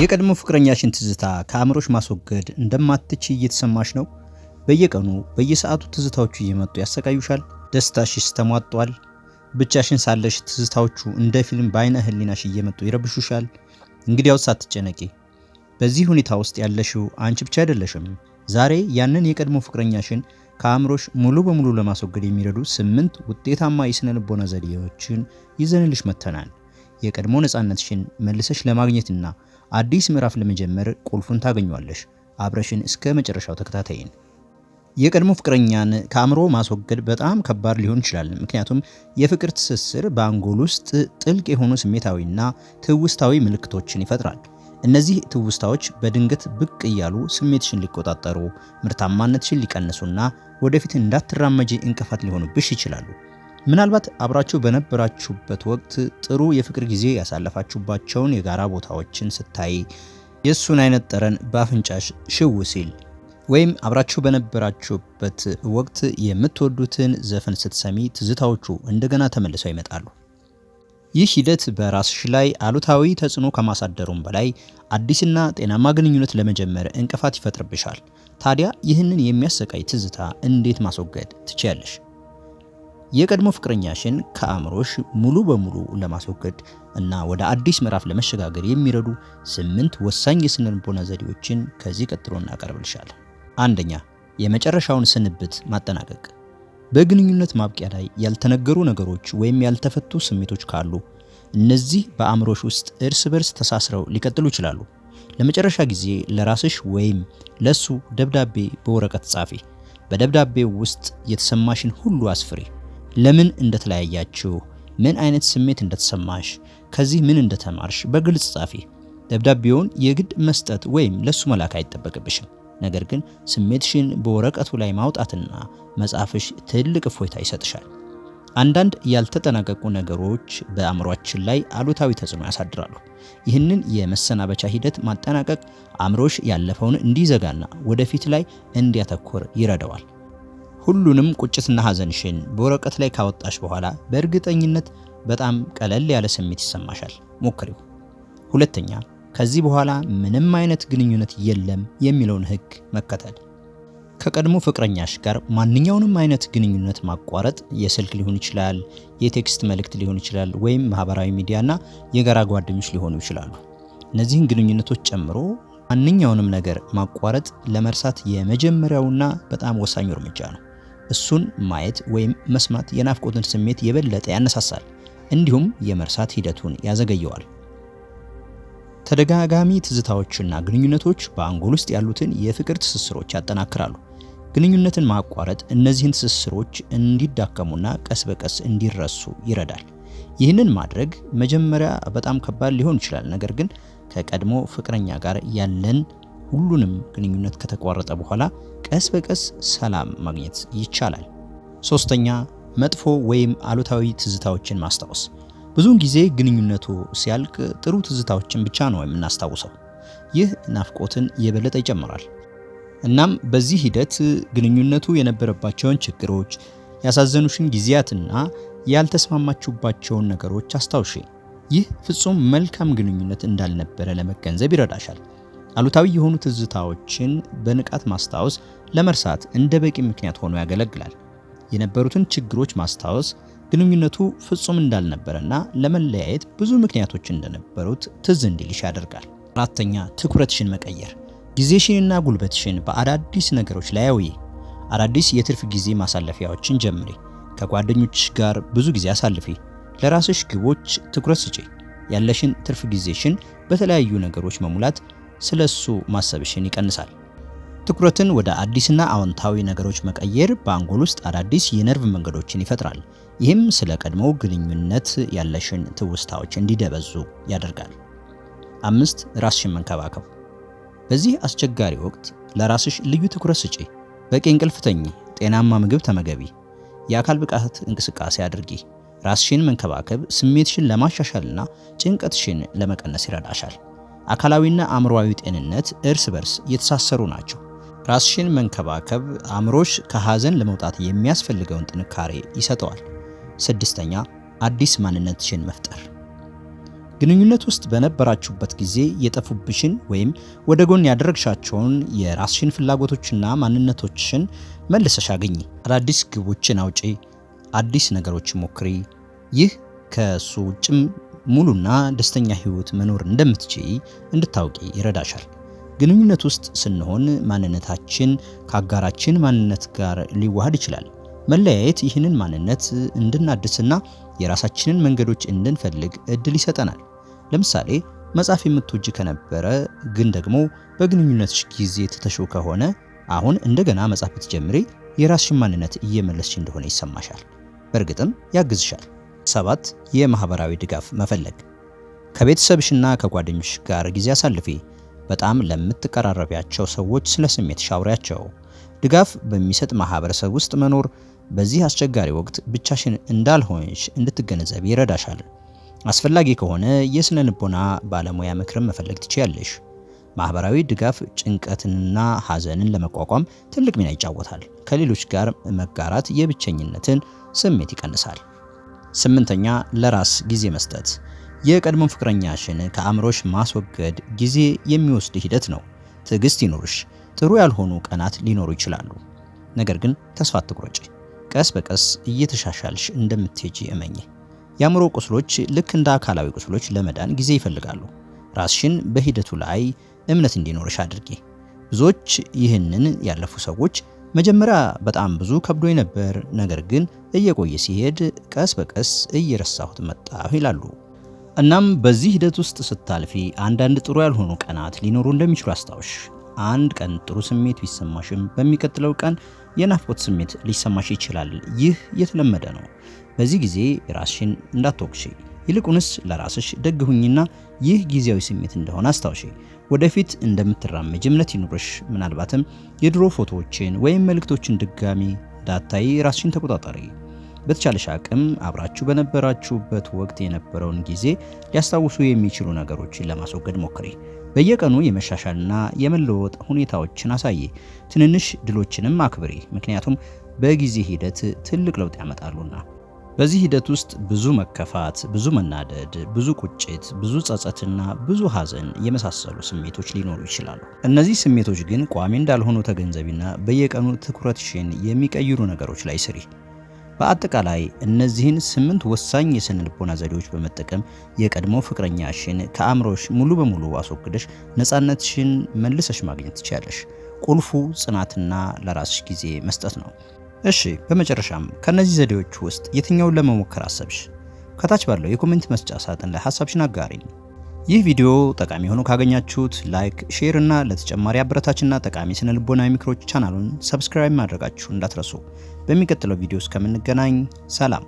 የቀድሞ ፍቅረኛሽን ትዝታ ከአእምሮሽ ማስወገድ እንደማትች እየተሰማሽ ነው? በየቀኑ በየሰዓቱ ትዝታዎቹ እየመጡ ያሰቃዩሻል? ደስታሽስ ተሟጧል? ብቻሽን ሳለሽ ትዝታዎቹ እንደ ፊልም በአይነ ህሊናሽ እየመጡ ይረብሹሻል? እንግዲያውስ አትጨነቂ። በዚህ ሁኔታ ውስጥ ያለሽው አንቺ ብቻ አይደለሽም። ዛሬ ያንን የቀድሞ ፍቅረኛሽን ከአእምሮሽ ሙሉ በሙሉ ለማስወገድ የሚረዱ ስምንት ውጤታማ የስነ ልቦና ዘዴዎችን ይዘንልሽ መጥተናል። የቀድሞ ነፃነትሽን መልሰሽ ለማግኘትና አዲስ ምዕራፍ ለመጀመር ቁልፉን ታገኟለሽ። አብረሽን እስከ መጨረሻው ተከታተይን። የቀድሞ ፍቅረኛን ከአእምሮ ማስወገድ በጣም ከባድ ሊሆን ይችላል። ምክንያቱም የፍቅር ትስስር በአንጎል ውስጥ ጥልቅ የሆኑ ስሜታዊና ትውስታዊ ምልክቶችን ይፈጥራል። እነዚህ ትውስታዎች በድንገት ብቅ እያሉ ስሜትሽን ሊቆጣጠሩ፣ ምርታማነትሽን ሊቀንሱና ወደፊት እንዳትራመጂ እንቅፋት ሊሆኑብሽ ይችላሉ። ምናልባት አብራችሁ በነበራችሁበት ወቅት ጥሩ የፍቅር ጊዜ ያሳለፋችሁባቸውን የጋራ ቦታዎችን ስታይ የእሱን አይነት ጠረን በአፍንጫሽ ሽው ሲል ወይም አብራችሁ በነበራችሁበት ወቅት የምትወዱትን ዘፈን ስትሰሚ ትዝታዎቹ እንደገና ተመልሰው ይመጣሉ። ይህ ሂደት በራስሽ ላይ አሉታዊ ተጽዕኖ ከማሳደሩም በላይ አዲስና ጤናማ ግንኙነት ለመጀመር እንቅፋት ይፈጥርብሻል። ታዲያ ይህንን የሚያሰቃይ ትዝታ እንዴት ማስወገድ ትችያለሽ? የቀድሞ ፍቅረኛሽን ከአእምሮሽ ሙሉ በሙሉ ለማስወገድ እና ወደ አዲስ ምዕራፍ ለመሸጋገር የሚረዱ ስምንት ወሳኝ የስነ ልቦና ዘዴዎችን ከዚህ ቀጥሎ እናቀርብልሻል። አንደኛ የመጨረሻውን ስንብት ማጠናቀቅ። በግንኙነት ማብቂያ ላይ ያልተነገሩ ነገሮች ወይም ያልተፈቱ ስሜቶች ካሉ እነዚህ በአእምሮሽ ውስጥ እርስ በርስ ተሳስረው ሊቀጥሉ ይችላሉ። ለመጨረሻ ጊዜ ለራስሽ ወይም ለሱ ደብዳቤ በወረቀት ጻፊ። በደብዳቤው ውስጥ የተሰማሽን ሁሉ አስፍሬ። ለምን እንደተለያያችሁ፣ ምን አይነት ስሜት እንደተሰማሽ፣ ከዚህ ምን እንደተማርሽ በግልጽ ጻፊ። ደብዳቤውን የግድ መስጠት ወይም ለሱ መላክ አይጠበቅብሽም። ነገር ግን ስሜትሽን በወረቀቱ ላይ ማውጣትና መጻፍሽ ትልቅ እፎይታ ይሰጥሻል። አንዳንድ ያልተጠናቀቁ ነገሮች በአእምሯችን ላይ አሉታዊ ተጽዕኖ ያሳድራሉ። ይህንን የመሰናበቻ ሂደት ማጠናቀቅ አእምሮሽ ያለፈውን እንዲዘጋና ወደፊት ላይ እንዲያተኩር ይረዳዋል። ሁሉንም ቁጭትና ሐዘንሽን በወረቀት ላይ ካወጣሽ በኋላ በእርግጠኝነት በጣም ቀለል ያለ ስሜት ይሰማሻል። ሞክሪው። ሁለተኛ ከዚህ በኋላ ምንም አይነት ግንኙነት የለም የሚለውን ህግ መከተል። ከቀድሞ ፍቅረኛሽ ጋር ማንኛውንም አይነት ግንኙነት ማቋረጥ የስልክ ሊሆን ይችላል፣ የቴክስት መልእክት ሊሆን ይችላል፣ ወይም ማህበራዊ ሚዲያና የጋራ ጓደኞች ሊሆኑ ይችላሉ። እነዚህን ግንኙነቶች ጨምሮ ማንኛውንም ነገር ማቋረጥ ለመርሳት የመጀመሪያውና በጣም ወሳኙ እርምጃ ነው። እሱን ማየት ወይም መስማት የናፍቆትን ስሜት የበለጠ ያነሳሳል፣ እንዲሁም የመርሳት ሂደቱን ያዘገየዋል። ተደጋጋሚ ትዝታዎችና ግንኙነቶች በአንጎል ውስጥ ያሉትን የፍቅር ትስስሮች ያጠናክራሉ። ግንኙነትን ማቋረጥ እነዚህን ትስስሮች እንዲዳከሙና ቀስ በቀስ እንዲረሱ ይረዳል። ይህንን ማድረግ መጀመሪያ በጣም ከባድ ሊሆን ይችላል። ነገር ግን ከቀድሞ ፍቅረኛ ጋር ያለን ሁሉንም ግንኙነት ከተቋረጠ በኋላ ቀስ በቀስ ሰላም ማግኘት ይቻላል። ሶስተኛ መጥፎ ወይም አሉታዊ ትዝታዎችን ማስታወስ። ብዙውን ጊዜ ግንኙነቱ ሲያልቅ ጥሩ ትዝታዎችን ብቻ ነው የምናስታውሰው። ይህ ናፍቆትን የበለጠ ይጨምራል። እናም በዚህ ሂደት ግንኙነቱ የነበረባቸውን ችግሮች፣ ያሳዘኑሽን ጊዜያትና ያልተስማማችሁባቸውን ነገሮች አስታውሺ። ይህ ፍጹም መልካም ግንኙነት እንዳልነበረ ለመገንዘብ ይረዳሻል። አሉታዊ የሆኑ ትዝታዎችን በንቃት ማስታወስ ለመርሳት እንደ በቂ ምክንያት ሆኖ ያገለግላል። የነበሩትን ችግሮች ማስታወስ ግንኙነቱ ፍጹም እንዳልነበረና ለመለያየት ብዙ ምክንያቶች እንደነበሩት ትዝ እንዲልሽ ያደርጋል። አራተኛ ትኩረትሽን መቀየር። ጊዜሽንና ጉልበትሽን በአዳዲስ ነገሮች ላይ አውይ። አዳዲስ የትርፍ ጊዜ ማሳለፊያዎችን ጀምሪ። ከጓደኞች ጋር ብዙ ጊዜ አሳልፊ። ለራስሽ ግቦች ትኩረት ስጪ። ያለሽን ትርፍ ጊዜሽን በተለያዩ ነገሮች መሙላት ስለ እሱ ማሰብሽን ይቀንሳል። ትኩረትን ወደ አዲስና አዎንታዊ ነገሮች መቀየር በአንጎል ውስጥ አዳዲስ የነርቭ መንገዶችን ይፈጥራል። ይህም ስለ ቀድሞው ግንኙነት ያለሽን ትውስታዎች እንዲደበዙ ያደርጋል። አምስት ራስሽን መንከባከብ። በዚህ አስቸጋሪ ወቅት ለራስሽ ልዩ ትኩረት ስጪ። በቂ እንቅልፍ ተኚ፣ ጤናማ ምግብ ተመገቢ፣ የአካል ብቃት እንቅስቃሴ አድርጊ። ራስሽን መንከባከብ ስሜትሽን ለማሻሻልና ጭንቀትሽን ለመቀነስ ይረዳሻል። አካላዊና አምሮዊ ጤንነት እርስ በርስ የተሳሰሩ ናቸው። ራስሽን መንከባከብ አእምሮሽ ከሐዘን ለመውጣት የሚያስፈልገውን ጥንካሬ ይሰጠዋል። ስድስተኛ አዲስ ማንነትሽን መፍጠር። ግንኙነት ውስጥ በነበራችሁበት ጊዜ የጠፉብሽን ወይም ወደ ጎን ያደረግሻቸውን የራስሽን ፍላጎቶችና ማንነቶችሽን መልሰሽ አገኝ አዳዲስ ግቦችን አውጪ፣ አዲስ ነገሮችን ሞክሪ። ይህ ከሱ ውጭም ሙሉና ደስተኛ ህይወት መኖር እንደምትችይ እንድታውቂ ይረዳሻል። ግንኙነት ውስጥ ስንሆን ማንነታችን ከአጋራችን ማንነት ጋር ሊዋሃድ ይችላል። መለያየት ይህንን ማንነት እንድናድስና የራሳችንን መንገዶች እንድንፈልግ እድል ይሰጠናል። ለምሳሌ መጽሐፍ የምትወጅ ከነበረ ግን ደግሞ በግንኙነትሽ ጊዜ ትተሹ ከሆነ አሁን እንደገና መጻፍ ብትጀምሪ የራስሽን ማንነት እየመለስሽ እንደሆነ ይሰማሻል። በእርግጥም ያግዝሻል። ሰባት የማህበራዊ ድጋፍ መፈለግ። ከቤተሰብሽና ከጓደኞች ጋር ጊዜ አሳልፊ። በጣም ለምትቀራረቢያቸው ሰዎች ስለ ስሜት ሻውሪያቸው። ድጋፍ በሚሰጥ ማህበረሰብ ውስጥ መኖር በዚህ አስቸጋሪ ወቅት ብቻሽን እንዳልሆንሽ እንድትገነዘብ ይረዳሻል። አስፈላጊ ከሆነ የስነ ልቦና ባለሙያ ምክርም መፈለግ ትችያለሽ። ማህበራዊ ድጋፍ ጭንቀትንና ሐዘንን ለመቋቋም ትልቅ ሚና ይጫወታል። ከሌሎች ጋር መጋራት የብቸኝነትን ስሜት ይቀንሳል። ስምንተኛ ለራስ ጊዜ መስጠት። የቀድሞ ፍቅረኛሽን ከአእምሮሽ ማስወገድ ጊዜ የሚወስድ ሂደት ነው። ትዕግስት ይኖርሽ። ጥሩ ያልሆኑ ቀናት ሊኖሩ ይችላሉ፣ ነገር ግን ተስፋ አትቁረጪ። ቀስ በቀስ እየተሻሻልሽ እንደምትሄጂ እመኚ። የአእምሮ ቁስሎች ልክ እንደ አካላዊ ቁስሎች ለመዳን ጊዜ ይፈልጋሉ። ራስሽን በሂደቱ ላይ እምነት እንዲኖርሽ አድርጊ። ብዙዎች ይህንን ያለፉ ሰዎች መጀመሪያ በጣም ብዙ ከብዶኝ ነበር፣ ነገር ግን እየቆየ ሲሄድ ቀስ በቀስ እየረሳሁት መጣሁ ይላሉ። እናም በዚህ ሂደት ውስጥ ስታልፊ አንዳንድ ጥሩ ያልሆኑ ቀናት ሊኖሩ እንደሚችሉ አስታውሽ። አንድ ቀን ጥሩ ስሜት ቢሰማሽም በሚቀጥለው ቀን የናፍቆት ስሜት ሊሰማሽ ይችላል። ይህ የተለመደ ነው። በዚህ ጊዜ ራስሽን እንዳትወቅሽ ይልቁንስ ለራስሽ ደግ ሁኝና ይህ ጊዜያዊ ስሜት እንደሆነ አስታውሺ። ወደፊት እንደምትራመጅ እምነት ይኑርሽ። ምናልባትም የድሮ ፎቶዎችን ወይም መልእክቶችን ድጋሚ እንዳታይ ራስሽን ተቆጣጠሪ። በተቻለሽ አቅም አብራችሁ በነበራችሁበት ወቅት የነበረውን ጊዜ ሊያስታውሱ የሚችሉ ነገሮችን ለማስወገድ ሞክሪ። በየቀኑ የመሻሻልና የመለወጥ ሁኔታዎችን አሳይ። ትንንሽ ድሎችንም አክብሪ፣ ምክንያቱም በጊዜ ሂደት ትልቅ ለውጥ ያመጣሉና። በዚህ ሂደት ውስጥ ብዙ መከፋት፣ ብዙ መናደድ፣ ብዙ ቁጭት፣ ብዙ ጸጸትና ብዙ ሐዘን የመሳሰሉ ስሜቶች ሊኖሩ ይችላሉ። እነዚህ ስሜቶች ግን ቋሚ እንዳልሆኑ ተገንዘቢና በየቀኑ ትኩረትሽን የሚቀይሩ ነገሮች ላይ ስሪ። በአጠቃላይ እነዚህን ስምንት ወሳኝ የስነ ልቦና ዘዴዎች በመጠቀም የቀድሞ ፍቅረኛሽን ከአእምሮሽ ሙሉ በሙሉ አስወግደሽ ነፃነትሽን መልሰሽ ማግኘት ትችያለሽ። ቁልፉ ጽናትና ለራስሽ ጊዜ መስጠት ነው። እሺ በመጨረሻም ከነዚህ ዘዴዎች ውስጥ የትኛውን ለመሞከር አሰብሽ? ከታች ባለው የኮሜንት መስጫ ሳጥን ላይ ሀሳብሽን አጋሪኝ። ይህ ቪዲዮ ጠቃሚ ሆኖ ካገኛችሁት ላይክ፣ ሼር እና ለተጨማሪ አበረታችና ጠቃሚ ስነ ልቦናዊ ምክሮች ቻናሉን ሰብስክራይብ ማድረጋችሁ እንዳትረሱ። በሚቀጥለው ቪዲዮ እስከምንገናኝ ሰላም።